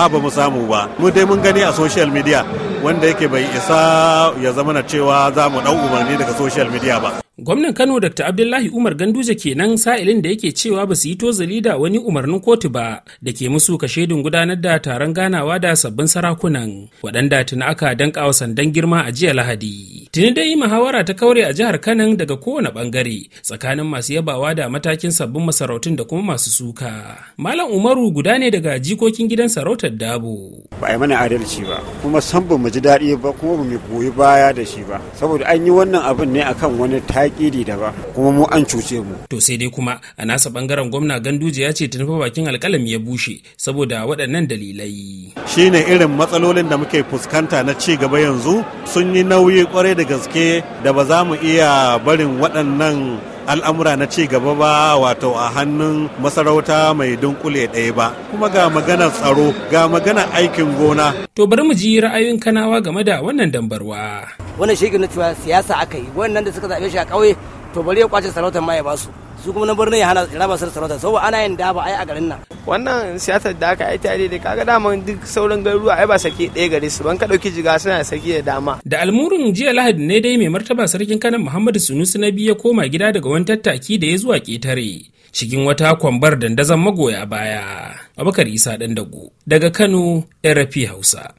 a ba mu samu ba mu dai mun gani a social media wanda yake bai isa ya zama na cewa za mu ɗau umarni daga social media ba gwamnan kano dr abdullahi umar ganduje kenan sa'ilin da yake cewa ba su yi tozali da wani umarnin kotu ba da ke musu kashedin gudanar da taron ganawa da sabbin sarakunan waɗanda tuna aka danƙawa sandan girma a jiya lahadi Tuni dai muhawara ta kaure a jihar Kanan daga kowane bangare tsakanin masu yabawa da matakin sabbin masarautun da kuma masu suka. Malam Umaru guda ne daga jikokin gidan sarautar Dabo. Ba a mana adalci ba, kuma san ba mu ji daɗi ba kuma ba mu goyi baya da shi ba, saboda an yi wannan abin ne akan wani takiri da ba, kuma mu an cuce mu. To sai dai kuma a nasa bangaren gwamna Ganduje ya ce tuni bakin alƙalami ya bushe saboda waɗannan dalilai. Shine irin matsalolin da muke fuskanta na ci gaba yanzu sun yi nauyi kwarai da da gaske da ba za mu iya barin waɗannan al'amura na ci gaba ba wato a hannun masarauta mai dunkule ɗaya ba kuma ga magana tsaro ga magana aikin gona. To bari mu ji ra'ayin kanawa game da wannan dambarwa. Wannan shi na cewa siyasa aka yi wannan da suka zaɓe shi a ƙauye to bari ya kwace sarautar ma ya basu su kuma na birni ya hana raba su sarautar saboda ana yin daba ai a garin nan wannan siyasar da aka aita da kaga dama duk sauran garuruwa ai ba sake ɗaya gare su ban ka dauki jiga suna sake da dama da almurun jiya lahadi ne dai mai martaba sarkin kanan muhammadu sunusu na biyu ya koma gida daga wani tattaki da ya zuwa ketare cikin wata kwambar dandazon magoya baya abubakar isa dandago daga kano rfi hausa